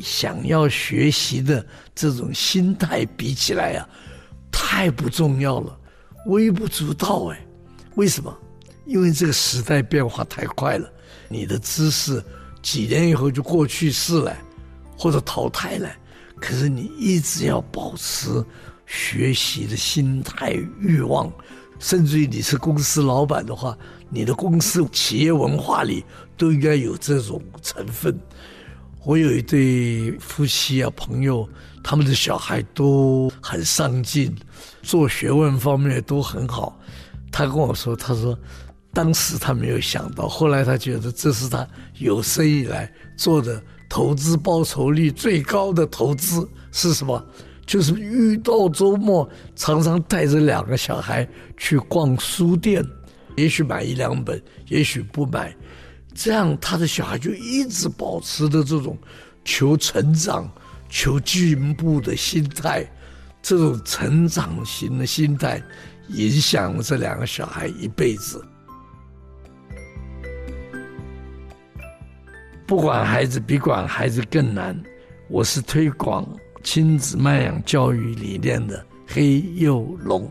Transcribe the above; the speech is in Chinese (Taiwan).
想要學習的這種心態比起來呀、啊，太不重要了，微不足道哎。為什麼？因為這個時代變化太快了，你的知識幾年以後就過去式了，或者淘汰了。可是你一直要保持學習的心態、欲望，甚至於你是公司老板的話，你的公司企業文化裡都應該有這種成分。我有一對夫妻啊，朋友，他們的小孩都很上進，做學問方面都很好。他跟我說，他說，當時他沒有想到，後來他覺得這是他有生以來做的投資報酬率最高的投資是什麼？就是遇到周末，常常帶着兩個小孩去逛書店，也許買一兩本，也許不買。這樣，他的小孩就一直保持着這種求成長、求進步的心態，這種成長型的心態，影響了這兩個小孩一輩子。不管孩子比管孩子更難，我是推廣親子慢養教育理念的黑幼龍。